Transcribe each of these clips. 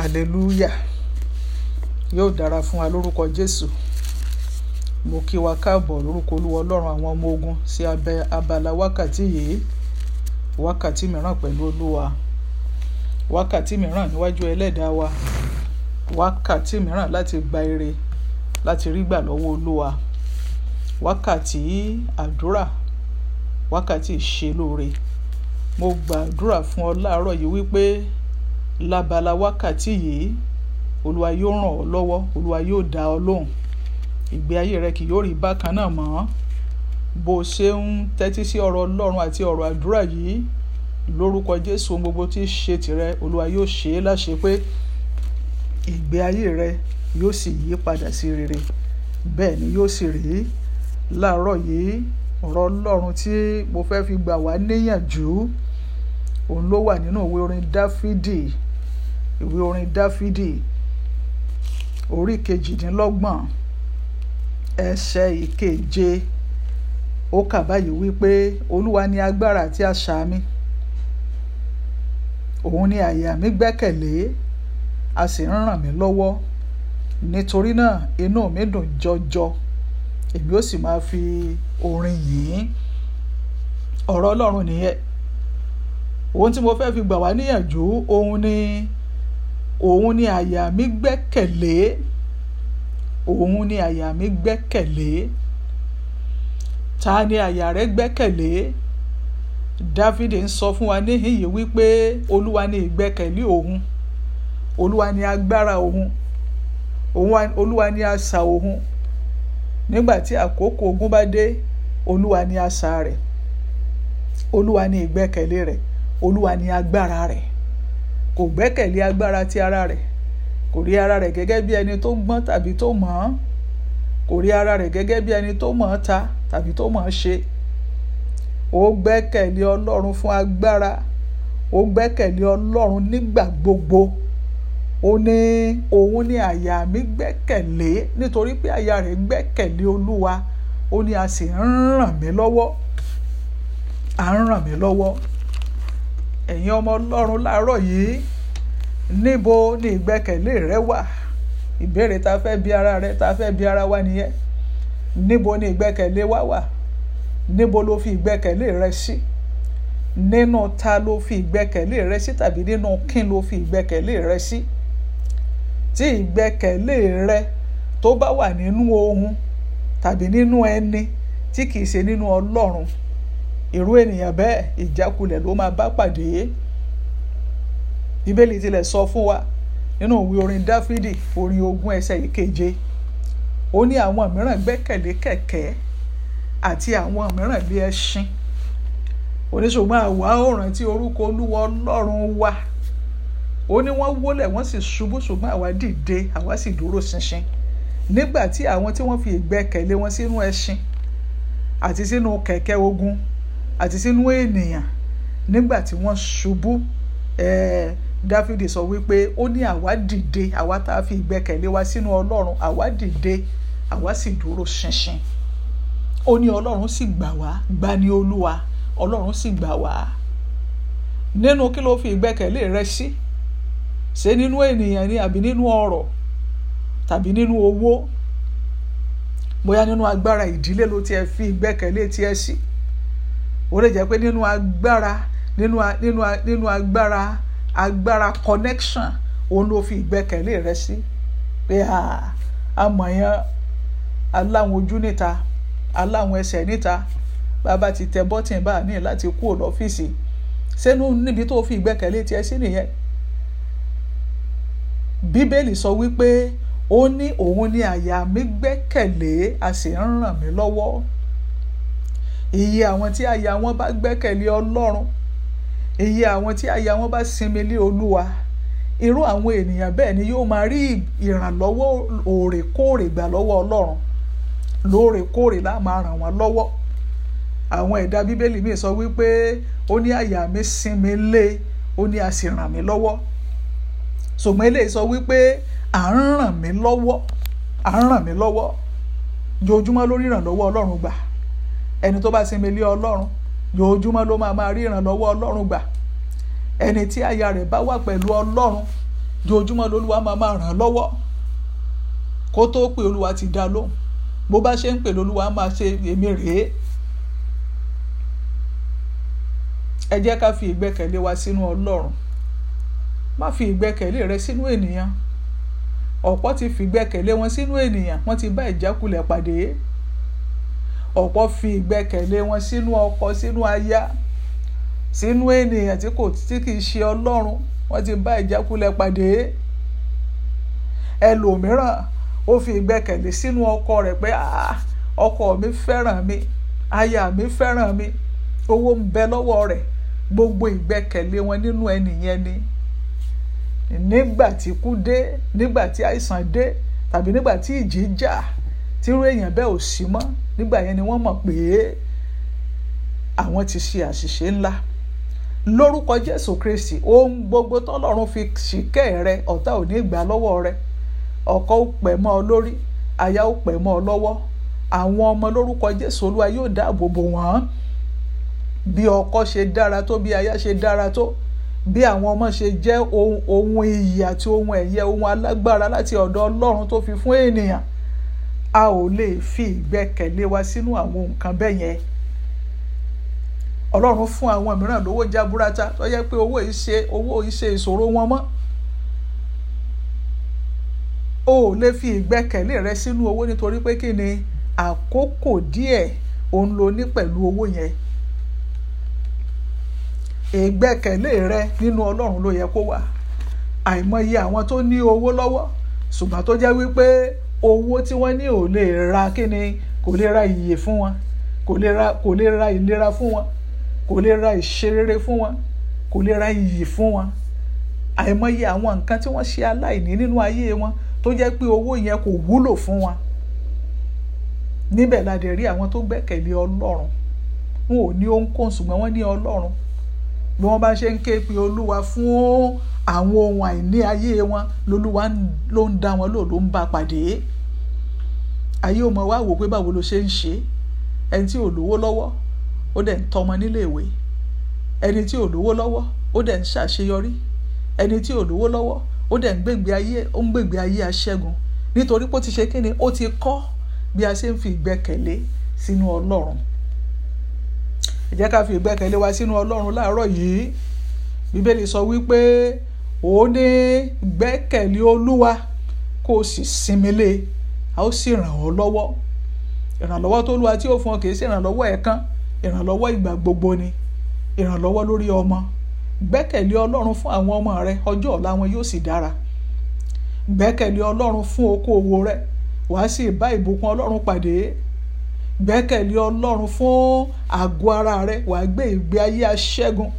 hallelujah yóò dára fún wa lórúkọ jésù mo kí wa káàbọ̀ lórúkọ olúwa ọlọ́run àwọn ọmọ ogun sí abẹ́ abala wákàtí yìí wákàtí mìíràn pẹ̀lú olúwa wákàtí mìíràn níwájú ẹlẹ́dàá wa wákàtí mìíràn láti gba ire láti rí gbà lọ́wọ́ olúwa wákàtí àdúrà wákàtí ìṣelóore mo gbàdúrà fún ọ láàárọ̀ yìí wípé lábala wákàtí yìí olúwa yóò ràn ọ́ lọ́wọ́ olúwa yóò dá ọ lóhùn ìgbé ayé rẹ kì yóò rí bákan náà mọ́ bó o ṣe ń tẹ́tí sí ọ̀rọ̀ ọlọ́run àti ọ̀rọ̀ àdúrà yìí lórúkọ jésù ohun gbogbo tí í ṣe tìrẹ olúwa yóò ṣe é láṣẹ pé ìgbé ayé rẹ yóò sì yí padà sí rere bẹ́ẹ̀ ni yóò sì rí láàárọ̀ yìí ọ̀rọ̀ ọlọ́run tí mo fẹ́ fi gbà wá níyànjú òun ló wà nínú òwe orin dáfídì ìwé orin dáfídì orí kejìdínlọ́gbọ̀n ẹsẹ̀ ìkeje ó kà báyìí wípé olúwa ni agbára àti asà mi òun ni àyà mi gbẹ́kẹ̀lé a sì ń ràn mí lọ́wọ́ nítorí náà inú mi dùn jọjọ èmi ó sì máa fi orin yìí ọ̀rọ̀ ọlọ́run nìyẹn ohun tí mo fẹ́ fi gbà wá níyànjú òun ni. Yajou, òun ni àyà mi gbẹ́kẹ̀lé òun ni àyà mi gbẹ́kẹ̀lé ta ni àyà rẹ gbẹ́kẹ̀lé dávidi ń sọ fún wa níhìn yìí wípé olúwa ni ìgbẹ́kẹ̀lé òun olúwa ni agbára òun olúwa ni asà òun nígbà tí àkókò ogun bá dé olúwa ni asà rẹ̀ olúwa ni ìgbẹ́kẹ̀lé rẹ̀ olúwa ni agbára rẹ̀. kò gbẹ́kẹ̀lé agbára ti ara rẹ̀ kò rí ara rẹ̀ gẹ́gẹ́ bí ẹni tó gbọ́n tàbí tó mọ̀ ọ́n kò rí ara rẹ̀ gẹ́gẹ́ bí ẹni tó mọ̀ ọ́n ta tàbí tó mọ̀ ọ́n ṣe ó gbẹ́kẹ̀lé ọlọ́run fún agbára ó gbẹ́kẹ̀lé ọlọ́run nígbà gbogbo ó ní òun ní àyà mi gbẹ́kẹ̀lé nítorí pé àyà rẹ̀ gbẹ́kẹ̀lé olúwa ó ní a sì ń ràn mí lọ́wọ́ à ń ràn mí lọ́wọ́ ẹ̀yin ọmọ ọlọ́run láàárọ̀ yìí níbo ni ìgbẹ́kẹ̀lé rẹ wà ìbéèrè ta fẹ́ bi ara rẹ ta fẹ́ bi ara wa nìyẹn níbo ni ìgbẹ́kẹ̀lé wa wà níbo ló fi ìgbẹ́kẹ̀lé rẹ sí nínú ta ló fi ìgbẹ́kẹ̀lé rẹ sí tàbí nínú kín ló fi ìgbẹ́kẹ̀lé rẹ sí tí ìgbẹ́kẹ̀lé rẹ tó bá wà nínú ohun tàbí nínú ẹni tí kìí ṣe nínú ọlọ́run irú ènìyàn bẹ́ẹ̀ ìjákulẹ̀ ló máa bá pàdé bíbélì tilẹ̀ sọ fún wa nínú òwe orin dáfídì orin ogún ẹsẹ̀ ìkeje ó ní àwọn mìíràn gbẹ́kẹ̀lé kẹ̀kẹ́ àti àwọn mìíràn bí ẹṣin ó ní ṣùgbọ́n àwa ó rántí orúkọ olúwa ọlọ́run wa ó ní wọ́n wólẹ̀ wọ́n sì ṣubú ṣùgbọ́n àwa dìde àwa sì dúró ṣinṣin nígbà tí àwọn tí wọ́n fi ìgbẹ́kẹ̀lé wọn sínú ẹṣin àti sínú kẹ̀kẹ́ ogun àti sínú ènìyàn nígbà tí wọ́n ṣubú ẹ̀ẹ́ dáfídì sọ wípé ó ní àwa dìde àwa tá a fi ìgbẹ́kẹ̀lé wa sínú ọlọ́run àwa dìde àwa sì dúró ṣinṣin ó ní ọlọ́run sì gbà wá gbà ní olúwa ọlọ́run sì gbà wá nínú kí ló fi ìgbẹ́kẹ̀lé rẹ sí ṣé nínú ènìyàn ni àbí nínú ọrọ̀ tàbí nínú owó bóyá nínú agbára ìdílé ló tiẹ̀ fi ìgbẹ́kẹ̀lé tiẹ̀ sí. Si ó lè jẹ́ pé nínú agbára nínú nínú nínú agbára agbára connection òun ló fi ìgbẹ́kẹ̀lé rẹ sí pé amọ̀yàn aláwọn ojú níta aláwọn ẹsẹ̀ níta bàbá ti tẹ bọ́tìn bá a ní láti kúrò lọ́fíìsì sẹ́nu níbi tó fi ìgbẹ́kẹ̀lé tiẹ̀ sí nìyẹn bíbélì sọ wípé ó ní òun ni àyà mi gbẹ́kẹ̀lé a sì ń ràn mí lọ́wọ́ iye àwọn tí àyà wọn bá gbẹ́kẹ̀lé ọlọ́run iye àwọn tí àyà wọn bá sinmi lé olúwa irú àwọn ènìyàn bẹ́ẹ̀ ni yóò máa rí ìrànlọ́wọ́ òrèkóòrè gbà lọ́wọ́ ọlọ́run lóòrèkóòrè láà máa ràn wọ́n lọ́wọ́ àwọn ẹ̀dá bíbélì mi sọ wípé ó ní àyà mi sinmi lé ó ní a sì ràn mí lọ́wọ́ ṣùgbọ́n eléyìí sọ wípé à ń ràn mí lọ́wọ́ à ń ràn mí lọ́wọ́ joojúmọ́ lórí ìrànlọ́wọ́ ọlọ́run gbà ẹni tó bá sinmi lé ọlọ́run lójoojúmọ́ ló máa máa rí ìrànlọ́wọ́ ọlọ́run gbà ẹni tí àyà rẹ̀ bá wà pẹ̀lú ọlọ́run lójoojúmọ́ lolúwa máa máa ràn án lọ́wọ́ kó tó pè olúwa ti dá lóhùn bó bá ṣe ń pè lolúwa máa ṣe èmi rèé ẹ jẹ́ ká fi ìgbẹ́kẹ̀lé wa sínú ọlọ́run má fi ìgbẹ́kẹ̀lé rẹ sínú ènìyàn ọ̀pọ̀ ti fi ìgbẹ́kẹ̀lé wọn sínú ènìyàn wọ́n ti bá ìjákulẹ̀ pàdé ọ̀pọ̀ fi ìgbẹ́kẹ̀lé wọn sínú ọkọ sínú aya sínú ènìyàn tí kò tí kì í ṣe ọlọ́run wọ́n ti bá ìjákulẹ̀ pàdé ẹlòmíràn ó fi ìgbẹ́kẹ̀lé sínú ọkọ rẹ̀ pé ọkọ mi fẹ́ràn mi aya mi fẹ́ràn mi owó ń bẹ lọ́wọ́ rẹ̀ gbogbo ìgbẹ́kẹ̀lé wọn nínú ẹnìyẹn ni nígbà tí kú dé nígbà tí àìsàn dé tàbí nígbà tí ìjì jà. Ja tírú èèyàn bẹ́ẹ̀ ò sí mọ́ nígbà yẹn ni wọ́n mọ̀ pé àwọn ti ṣe àṣìṣe ńlá lórúkọ Jésù Kristi ohun gbogbo tọ́lọ́run fi ṣìkẹ́ rẹ ọ̀tá ò ní gbà lọ́wọ́ rẹ ọkọ ó pẹ̀ mọ́ ọ lórí aya ó pẹ̀ mọ́ ọ lọ́wọ́ àwọn ọmọ lórúkọ Jésù Olúwa yóò dáàbò bò wọ́n bí ọkọ ṣe dára tó bí aya ṣe dára tó bí àwọn ọmọ ṣe jẹ́ ohun iyì àti ohun ẹ̀yẹ ohun alágbára láti ọ̀dọ̀ Ọlọ́run tó fi fún ènìyàn a ò lè fi ìgbẹ́kẹ̀lé wa sínú àwọn nǹkan bẹ́ẹ̀ yẹn ọlọ́run fún àwọn mìíràn lówó jaburata tó yẹ pé owó ìṣe owó ìṣe ìṣòro wọn mọ́ o ò lè fi ìgbẹ́kẹ̀lé rẹ sínú owó nítorí pé kí ni àkókò díẹ̀ òun lo ní pẹ̀lú owó yẹn ìgbẹ́kẹ̀lé rẹ nínú ọlọ́run ló yẹ kó wà àìmọye àwọn tó ní owó lọ́wọ́ ṣùgbọ́n tó jẹ́ wípé owó tí wọ́n ní ò lè ra kíni kò lè ra iyè fún wọn kò lè ra kò lè ra ìlera fún wọn kò lè ra ìṣerere fún wọn kò lè ra iyì fún wọn àìmọye àwọn nǹkan tí wọ́n ṣe aláìní nínú ayé wọn tó jẹ́ pé owó yẹn kò wúlò fún wọn níbẹ̀ la dẹ̀ rí àwọn tó gbẹ́kẹ̀lé ọlọ́run wọn ò ní ohunkóhun ṣùgbọ́n wọ́n ní ọlọ́run bí wọ́n bá ṣe ń ké pe olúwa fún àwọn ohun àìní ayé wọn lolúwa ló ń dá wọn lò ló ń bá pàdé ayé ọmọ wa wò pé báwo ló ṣe ń ṣe ẹni tí ò lówó lọ́wọ́ ó dẹ̀ ń tọ́mọ nílé ìwé ẹni tí ò lówó lọ́wọ́ ó dẹ̀ ń ṣàṣeyọrí ẹni tí ò lówó lọ́wọ́ ó dẹ̀ ń gbègbè ayé ó ń gbègbè ayé aṣẹ́gun nítorí pé ó ti ṣe kíni ó ti kọ́ bí a ṣe ń fi ìgbẹ́kẹ̀lé sínú ọlọ́run ẹ jẹ́ ká fi ìgbẹ́kẹ̀lé wa sínú ọlọ́run láàárọ̀ yìí bíbélì sọ wípé ó ní gbẹ́kẹ̀lé olúwa kó o sì sinmi lé e, a ó sì ràn ọ́ lọ́wọ́ ìrànlọ́wọ́ tó lúwa tí ó fún ọ kì í ìrànlọ́wọ́ ẹ̀ẹ̀kan ìrànlọ́wọ́ ìgbà gbogbo ni ìrànlọ́wọ́ lórí ọmọ gbẹ́kẹ̀lé ọlọ́run fún àwọn ọmọ rẹ ọjọ́ ọ̀la wọn yóò sì dára gbẹ́kẹ̀lé ọlọ́run fún okòwò rẹ wàá sì bá ìbùkún ọlọ́run gbẹ́kẹ̀lé ọlọ́run fún àgọ́ ara rẹ wàá gbé ìgbé ayé aṣẹ́gun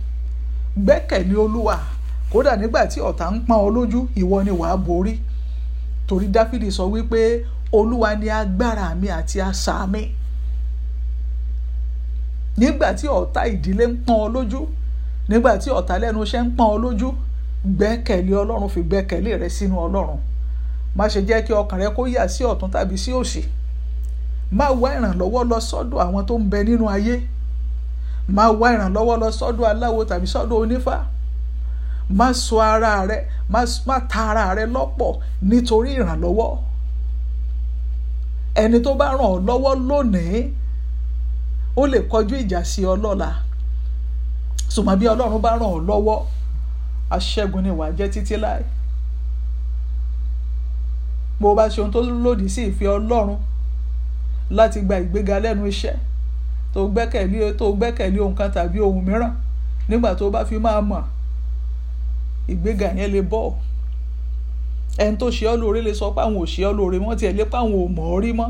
gbẹ́kẹ̀lé olúwa kódà nígbà tí ọ̀tá ń pọ́n ọ lójú ìwọ ni wàá borí torí dáfídì sọ wípé olúwa ni agbára mi àti asà mi nígbà tí ọ̀tá ìdílé ń pọ́n ọ lójú nígbà tí ọ̀tá lẹ́nu iṣẹ́ ń pọ́n ọ lójú gbẹ́kẹ̀lé ọlọ́run fi gbẹ́kẹ̀lé rẹ sínú ọlọ́run má ṣe jẹ́ kí ọkàn rẹ kó yà sí ọ̀tún tàbí sí òsì. Si máa wá ìrànlọ́wọ́ lọ sọ́dọ̀ àwọn tó ń bẹ nínú ayé máa wá ìrànlọ́wọ́ lọ sọ́dọ̀ aláwo tàbí sọ́dọ̀ onífá má sọ ara rẹ má ta ara rẹ lọ́pọ̀ nítorí ìrànlọ́wọ́ ẹni tó bá ràn ọ́ lọ́wọ́ lónìí ó lè kọjú ìjà sí ọ lọ́la ṣùgbọ́n bí ọlọ́run bá ràn ọ́ lọ́wọ́ aṣẹ́gun ni wàá jẹ́ títí láì bó o bá ṣe ohun tó lòdì sí ìfẹ́ ọlọ́run láti gba ìgbéga lẹ́nu iṣẹ́ tó gbẹ́kẹ̀lé tó gbẹ́kẹ̀lé ohun kan tàbí ohun mìíràn nígbà tó bá fi máa mọ̀ ìgbéga yẹn lè bọ̀ ẹni tó ṣe ọ́ lóore lè sọ pé àwọn ò ṣe ọ́ lóore mọ́ tiẹ̀ lé pé àwọn ò mọ̀ ọ́ rí mọ́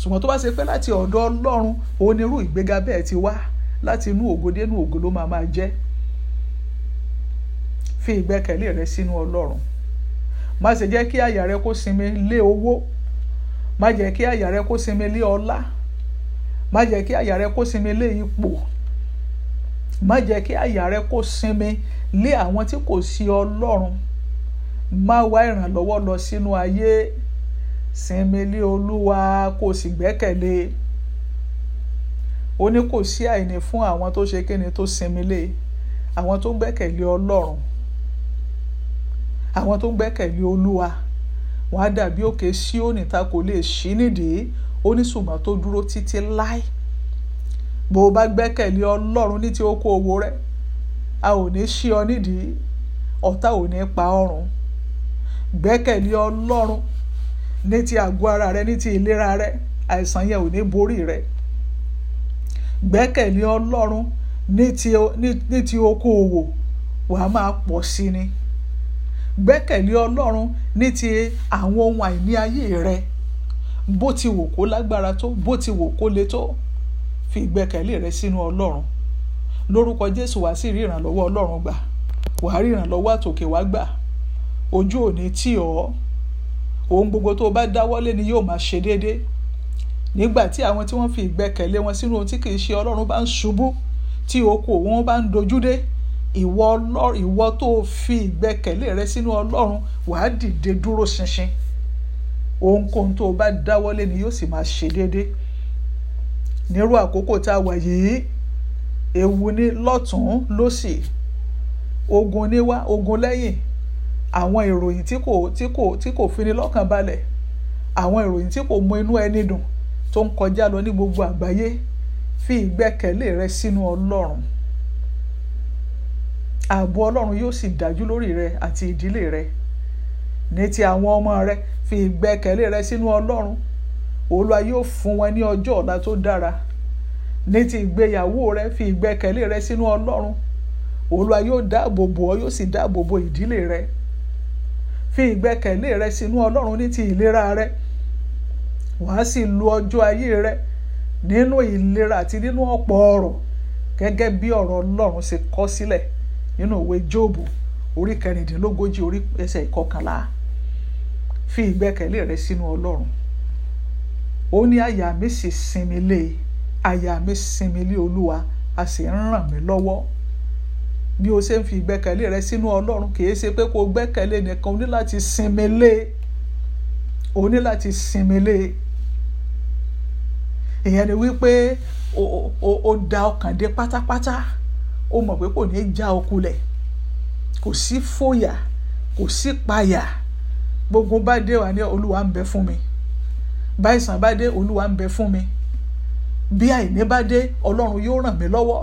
ṣùgbọ́n tó bá ṣe pé láti ọ̀dọ̀ Ọlọ́run onírú ìgbéga bẹ́ẹ̀ ti wá láti inú ògo dé inú ògo ló máa máa jẹ́ fi ìgbẹ́kẹ̀lé rẹ sínú Ọlọ́run má ṣe jẹ́ kí àyà rẹ kó sinmi lé owó má jẹ́ kí àyà rẹ kó sinmi lé ọlá má jẹ́ kí àyà rẹ kó sinmi lé ipò má jẹ́ kí àyà rẹ kó sinmi lé àwọn tí kò sí ọlọ́run má wá ìrànlọ́wọ́ lọ sínú ayé sinmi lé olúwa kó sì gbẹ́kẹ̀lé ó ní kò sí àìní fún àwọn tó ṣe kíni tó sinmi lé àwọn tó gbẹ́kẹ̀lé ọlọ́run àwọn tó gbẹ́kẹ̀lé olúwa wàá dàbí òkè síòní ta kò lè ṣí nídìí ó ní ṣùgbọ́n tó dúró títí láì bó o bá gbẹ́kẹ̀lé ọlọ́run ní ti oko òwò rẹ a ò ní ṣí ọ nídìí ọ̀tá ò ní pa ọrùn gbẹ́kẹ̀lé ọlọ́run ní ti àgọ́ ara rẹ ní ti ìlera rẹ àìsàn yẹn ò ní borí rẹ gbẹ́kẹ̀lé ọlọ́run ní ti oko òwò wàá máa pọ̀ sí ni gbẹ́kẹ̀lé ọlọ́run ní ti àwọn ohun àìní ayé rẹ bó ti wò kó lágbára tó bó ti wò kó le tó fi ìgbẹ́kẹ̀lé rẹ sínú ọlọ́run lórúkọ jésù wá sí rí ìrànlọ́wọ́ ọlọ́run gbà wàá rí ìrànlọ́wọ́ àtòkè wá gbà ojú òní tì ọ́ ohun gbogbo tó bá dáwọ́lé ni yóò máa ṣe déédéé nígbà tí àwọn tí wọ́n fi ìgbẹ́kẹ̀lé wọn sínú ohun tí kì í ṣe ọlọ́run bá ń ṣubú tí oko wọn bá ń dojú dé ìwọ ọlọ́run ìwọ tó fi ìgbẹ́kẹ̀lé rẹ sínú ọlọ́run wàá dìde dúró ṣinṣin ohunkóhun tó o bá dáwọ́lé ni yóò sì máa ṣe déédéé nírú àkókò tá a wà yìí ewu ní lọ́tún lósì ogun níwá ogun lẹ́yìn àwọn ìròyìn tí kò tí kò tí kò fini lọ́kàn balẹ̀ àwọn ìròyìn tí kò mú inú ẹni dùn tó ń kọjá lọ ní gbogbo àgbáyé fi ìgbẹ́kẹ̀lé rẹ sínú ọlọ́run ààbò ọlọ́run yóò sì dájú lórí rẹ àti ìdílé rẹ ní ti àwọn ọmọ rẹ fi ìgbẹ́kẹ̀lé rẹ sínú ọlọ́run olúwa yóò fún wọn ní ọjọ́ ọ̀la tó dára ní ti ìgbéyàwó rẹ fi ìgbẹ́kẹ̀lé rẹ sínú ọlọ́run olúwa yóò dáàbò bò ọ yóò sì dáàbò bò ìdílé rẹ fi ìgbẹ́kẹ̀lé rẹ sínú ọlọ́run ní ti ìlera rẹ wàá sì lo ọjọ́ ayé rẹ nínú ìlera àti nínú ọ̀pọ̀ ọrọ̀ gẹ́gẹ́ bí ọ̀rọ̀ ọlọ́run ṣe kọ sílẹ̀ nínú ìwé Jóòbù orí kẹrìndínlógójì orí ẹsẹ̀ ìkọkànlá fi ìgbẹ́kẹ̀lé rẹ sínú Ọlọ́run ó ní àyà mi sì sinmi lé àyà mi sinmi lé Olúwa a sì ń ràn mí lọ́wọ́ bí o ṣe ń fi ìgbẹ́kẹ̀lé rẹ sínú Ọlọ́run kì í ṣe pé kó o gbẹ́kẹ̀lé nìkan o ní láti sinmi lé o ní láti sinmi lé ìyẹn ni wípé o o o da ọkàn dé pátápátá. Pata O mọ̀ pé kò ní já okulẹ̀ kò sí fòyà kò sí payà gbogbo bá dé wà ní olúwa ń bẹ fún mi báyìsàn bá dé olúwa ń bẹ fún mi bí àìní bá dé ọlọ́run yóò ràn mí lọ́wọ́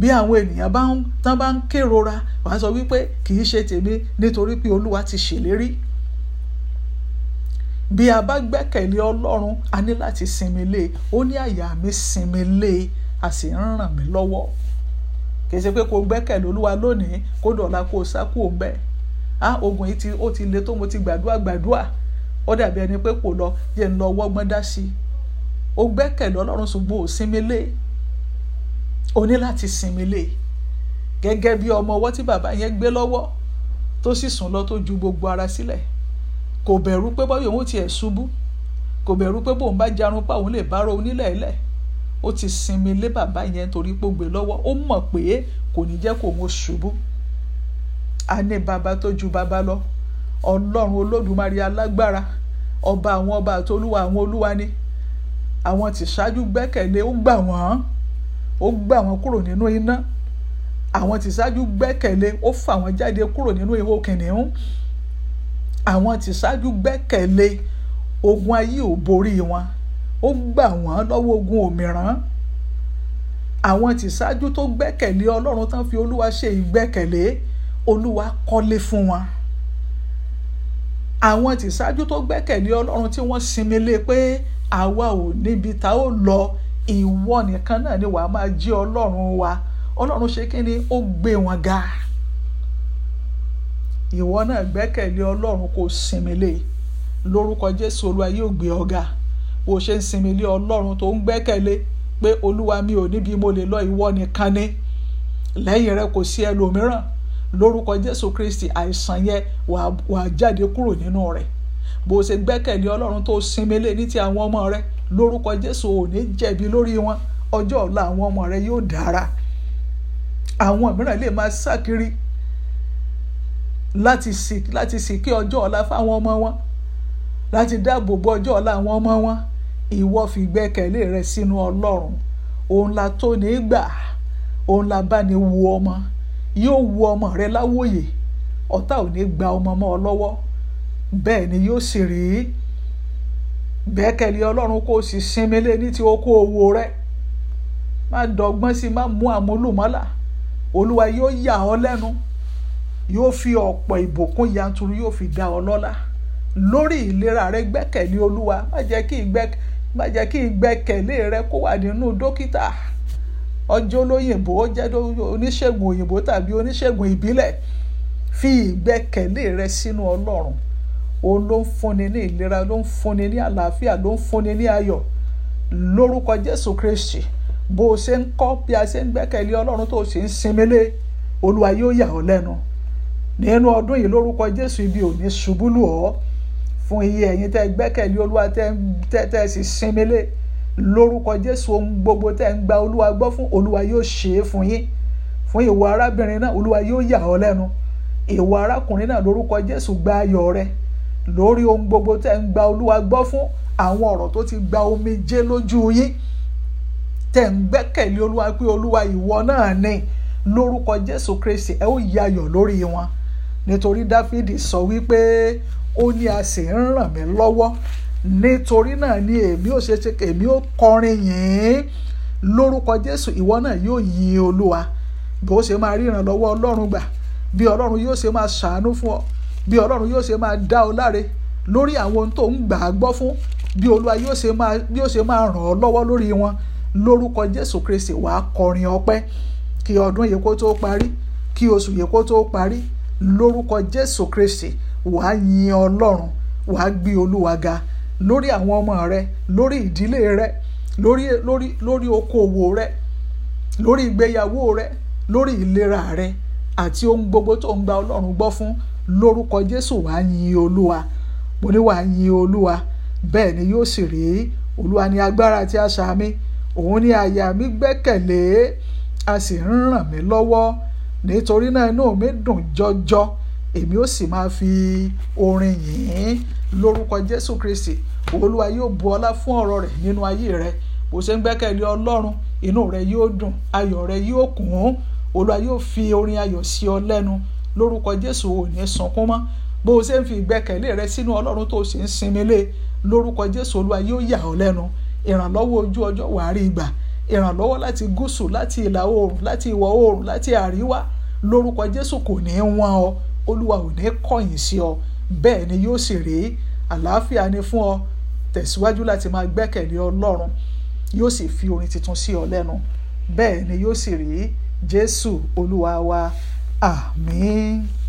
bí àwọn ènìyàn bá ń tán bá ń kérora wàá sọ wípé kì í ṣe tèmi nítorí pé olúwa ti ṣèlérí bí a bá gbẹ́kẹ̀lé ọlọ́run a ní láti sinmi lé e ó ní àyà mi sinmi lé e a sì ń ràn mí lọ́wọ́ kì í ṣe pé kò gbẹ́kẹ̀lé olúwa lónìí kó dọ̀la kó sá kú òun bẹ́ẹ̀ á ogun yìí ti ó ti le tó mo ti gbàdúrà gbàdúrà ó dàbí ẹni pé kò lọ yẹn ń lọ wọ́gbọ́n dá sí i ó gbẹ́kẹ̀lé ọlọ́run ṣùgbọ́n ò sinmi lé o ní láti sinmi lé gẹ́gẹ́ bí ọmọ ọwọ́ tí bàbá yẹn gbé lọ́wọ́ tó sì sùn lọ tó ju gbogbo ara sílẹ̀ kò bẹ̀rù pé bọ́yọ̀ òun tiẹ̀ ṣubú kò bẹ̀rù pé bóun bá jarun pa òun lè bá ro onílẹ̀ ilẹ̀ ó ti sinmi lé bàbá yẹn torí pé ó gbé lọ́wọ́ ó mọ̀ pé kò ní jẹ́ kó òun ṣubú a ní bàbá tó ju bàbá lọ ọlọ́run olódùmarè alágbára ọba àwọn ọba àtolúwa àwọn olúwa ni àwọn tí ṣáájú gbẹ́kẹ̀lé ó gbà wọ́n ó gbà wọ́n kúrò nínú iná àwọn tí ṣáájú gbẹ́kẹ̀lé ó fà wọ́n jáde kúrò nínú ihò kìnìún àwọn tí ṣáájú gbẹ́kẹ̀lé ogun ayé ò borí wọn ó gbà wọ́n lọ́wọ́ ogun òmíràn àwọn tí ṣáájú tó gbẹ́kẹ̀lé ọlọ́run tán fi olúwa ṣe ìgbẹ́kẹ̀lé olúwa kọ́lé fún wọn àwọn tí ṣáájú tó gbẹ́kẹ̀lé ọlọ́run tí wọ́n sinmi lé pé àwa ò níbi tá ó lọ ìwọ nìkan náà ni wàá máa jí ọlọ́run wa ọlọ́run ṣe kí ni ó gbé wọn ga ìwọ náà gbẹ́kẹ̀lé ọlọ́run kò sinmi lé lórúkọ jésù olúwa yóò gbé ọ ga bó ṣe ń sinmi lé ọlọ́run tó ń gbẹ́kẹ̀lé pé olúwa mi ò níbi mo lè lọ ìwọ nìkan ni lẹ́yìn rẹ kò sí ẹlòmíràn lórúkọ jésù kristi àìsàn yẹn wàá jáde kúrò nínú rẹ bó ṣe gbẹ́kẹ̀lé ọlọ́run tó sinmi lé ní ti àwọn ọmọ rẹ lórúkọ jésù ò ní jẹ̀bi lórí wọn ọjọ́ ọ̀la àwọn ọmọ rẹ yóò dára àwọn mìíràn lè máa sá kiri láti sì láti sì kí ọjọ́ ọ̀la fáwọn ọmọ wọn láti dáàbò bo ọjọ́ ọ̀la àwọn ọmọ wọn ìwọ fi gbẹ́kẹ̀lé rẹ sínú ọlọ́run òun la tó ní gbà òun la bá ní wo ọmọ yóò wo ọmọ rẹ láwòye ọ̀tá ò ní gba ọmọ mọ́ ọ lọ́wọ́ bẹ́ẹ̀ ni yóò sì rí gbẹ́kẹ̀lé ọlọ́run kó o sì sinmi lé ní ti okó owó rẹ má dọgbọ́n sí má mú àmúlùmọ́là olúwa yóò yà ọ́ lẹ́nu yóò fi ọ̀pọ̀ ìbùkún yanturu yóò fi dá ọ lọ́lá lórí ìlera rẹ gbẹ́kẹ̀lé olúwa má jẹ́ kí ìgbẹ́kẹ̀lé má jẹ́ kí ìgbẹ́kẹ̀lé rẹ kó wà nínú dókítà ọjọ́ olóyìnbó ó jẹ́ oníṣègùn òyìnbó tàbí oníṣègùn ìbílẹ̀ fi ìgbẹ́kẹ̀lé rẹ sínú ọlọ́run òun ló ń fúnni ní ìlera ló ń fúnni ní àlàáfíà ló ń fúnni ní ayọ̀ lórúkọ jésù kristi bó o ṣe ń kọ́ bí a ṣe ń gbẹ́kẹ̀lé ọlọ́run tó o ṣe ń sinmi lé olúwa yóò yà ọ́ lẹ́nu nínú ọdún yìí lórúkọ jésù ibi ò ṣubú lù ọ́ fún iye ẹ̀yin tẹ́ gbẹ́kẹ̀lé olúwa tẹ́ tẹ́ sì sinmilé lórúkọ jésù ohun gbogbo tẹ́ ń gba olúwa gbọ́ fún olúwa yóò ṣe é fún yín fún ìwọ arábìnrin náà olúwa yóò yà ọ́ lẹ́nu ìwọ arákùnrin náà lórúkọ jésù gba ayọ̀ rẹ lórí ohun gbogbo tẹ́ ń gba olúwa gbọ́ fún àwọn ọ̀rọ̀ tó ti gba omijé lójú yín tẹ́ ń gbẹ́kẹ̀lé olúwa pé olúwa ìwọ náà ni lórúkọ jésù kristi ẹ ó yà ayọ̀ lórí wọn nítorí dáfídì sọ wípé ó ní a sì ń ràn mí lọ́wọ́ nítorí náà ni èmi ò ṣe ṣe èmi ò kọrin yìí lórúkọ Jésù ìwọ náà yóò yin Olúwa bí ó ṣe máa rí ìrànlọ́wọ́ Ọlọ́run gbà bí Ọlọ́run yóò ṣe máa ṣàánú fún ọ bí Ọlọ́run yóò ṣe máa dá ọ láre lórí àwọn ohun tó ń gbà á gbọ́ fún bí Olúwa yóò ṣe máa ràn ọ lọ́wọ́ lórí wọn lórúkọ Jésù Kristi wàá kọrin ọpẹ́ kí ọdún yìí kó tó parí kí oṣù yìí kó tó parí lórúkọ Jésù Kristi wàá yin ọlọ́run wàá gbé olúwa ga lórí àwọn ọmọ rẹ lórí ìdílé rẹ lórí lórí lórí okòwò rẹ lórí ìgbéyàwó rẹ lórí ìlera rẹ àti ohun gbogbo tó ń gba ọlọ́run gbọ́ fún lórúkọ jésù wàá yin olúwa mo ní wàá yin olúwa bẹ́ẹ̀ ni yóò sì rí olúwa ní agbára àti àṣà mi òun ni àyà mi gbẹ́kẹ̀lé a sì ń ràn mí lọ́wọ́ nítorí náà inú mi dùn jọjọ èmi ó sì máa fi orin yìnyín lórúkọ jésù kristi olúwa yóò bu ọlá fún ọ̀rọ̀ rẹ̀ nínú ayé rẹ bó ṣe ń gbẹ́kẹ̀lé ọlọ́run inú rẹ yóò dùn ayọ̀ rẹ yóò kún olúwa yóò fi orin ayọ̀ sí ọ lẹ́nu lórúkọ jésù ò ní sunkún mọ́ bó o ṣe ń fi ìgbẹ́kẹ̀lé rẹ sínú ọlọ́run tó o sì ń sinmi lé lórúkọ jésù olúwa yóò yà ọ lẹ́nu ìrànlọ́wọ́ ojú ọjọ́ wàá rí ìgbà ìrànlọ́wọ́ láti gúúsù láti ìlà oòrùn láti ìwọ̀ oòrùn láti àríwá lórúkọ jésù kò ní í wọ́n ọ olúwa ò ní kọ̀yìn sí ọ bẹ́ẹ̀ ni yóò sì rí àlàáfíà ni fún ọ tẹ̀síwájú láti máa gbẹ́kẹ̀lé ọlọ́run yóò sì fi orin tuntun sí ọ lẹ́nu bẹ́ẹ̀ ni yóò sì rí jésù olúwa wa àmín. Ah,